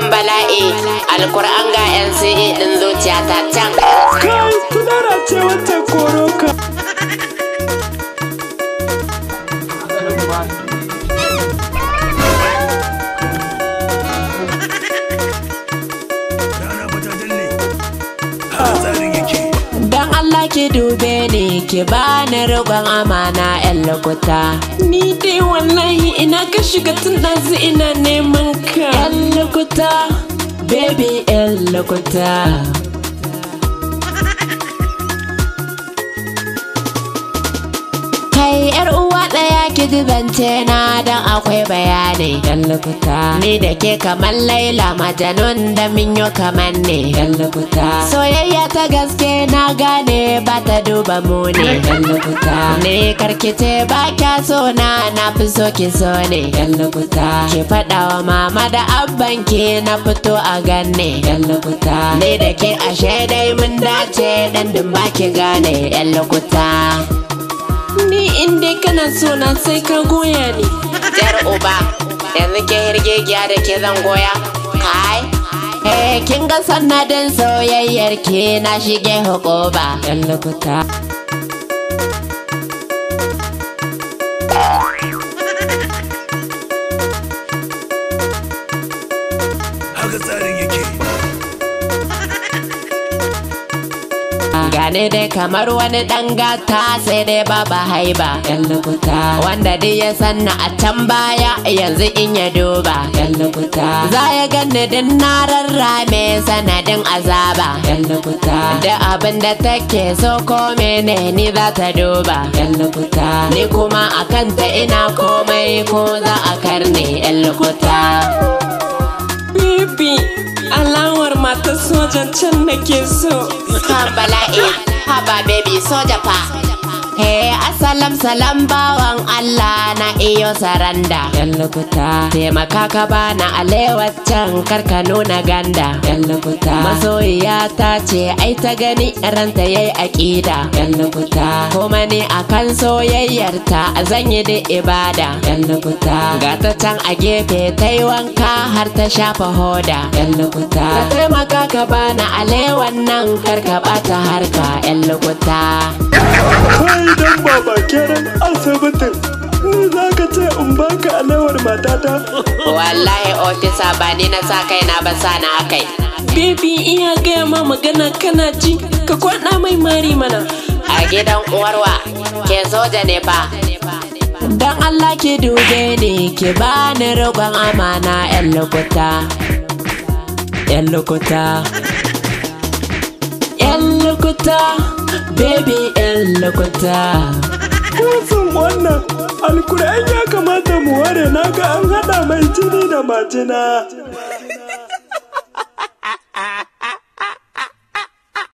dan bala'i alkur'an ga yan sai din e zuciya ta can kai kudara ce wata koroka ki dube ni ki bani roƙon amana yan lokuta ni dai wallahi ina ka shiga tun ɗazu ina neman ka yan lokuta baby yan lokuta kai kidibante na dan akwai bayani dan lukuta ni da ke kamar laila majanun da minyo kamar ne dan lukuta soyayya ta gaske na gane ba ta duba mu ne dan lukuta ne karkice ba kya so na na fi so ki so ne dan lukuta ki faɗawa wa mama da abban ki na fito a ganne dan lukuta ne da ke ashe dai mun dace dan ba ki gane yan lukuta in dai kana so na sai ka goya ne jar uba yanzu ke giya da ke zan goya kai eh kin ga sanadin soyayyar ke na shige hukuba yan lokuta Ni dai kamar wani dan gata sai dai baba haiba yan lukuta wanda dai ya sanna a can baya yanzu in ya duba yan lukuta za ya ganni din na rarrame sanadin azaba yan lukuta da abin da take so ko mene ni za ta duba yan lukuta ni kuma akan ta ina komai ko za a karne yan lukuta mata soja can nake so. Kan bala'i, haba baby soja fa. salam salam bawan Allah na iyo saranda yan lokuta taimaka ka bana alewar can karka nuna ganda yan lokuta masoyiya ta ce ai ta gani ranta yayi aƙida yan lokuta kuma ne akan soyayyar ta zan yi da ibada yan lokuta ga ta can a gefe ta wanka har ta shafa hoda yan lokuta ka taimaka ka bana alewar nan karka bata harka yan lokuta dan baba kiran asibitin za ka ce in baka alawar matata wallahi ofisa ba ni na sa kai na ba sa na akai baby iya gaya ma magana kana ji ka kwaɗa mai mari mana a gidan uwarwa ke soja ne fa dan allah ke dube ke ba bani roƙon amana 'yan lokuta 'yan lokuta 'yan lokuta baby 'yan lokuta kasan wannan alkur'an ya kamata mu ware na ga an haɗa mai jini da majina